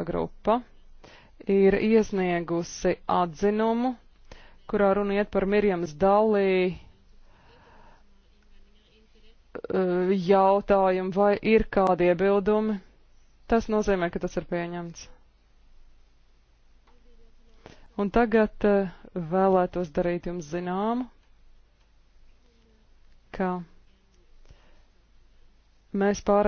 darba grupa ir iesniegusi atzinumu, kurā runa iet par Mirjams Dalī eh, jautājumu, vai ir kādi iebildumi. Tas nozīmē, ka tas ir pieņemts. Un tagad eh, vēlētos darīt jums zināmu, ka mēs pārējām.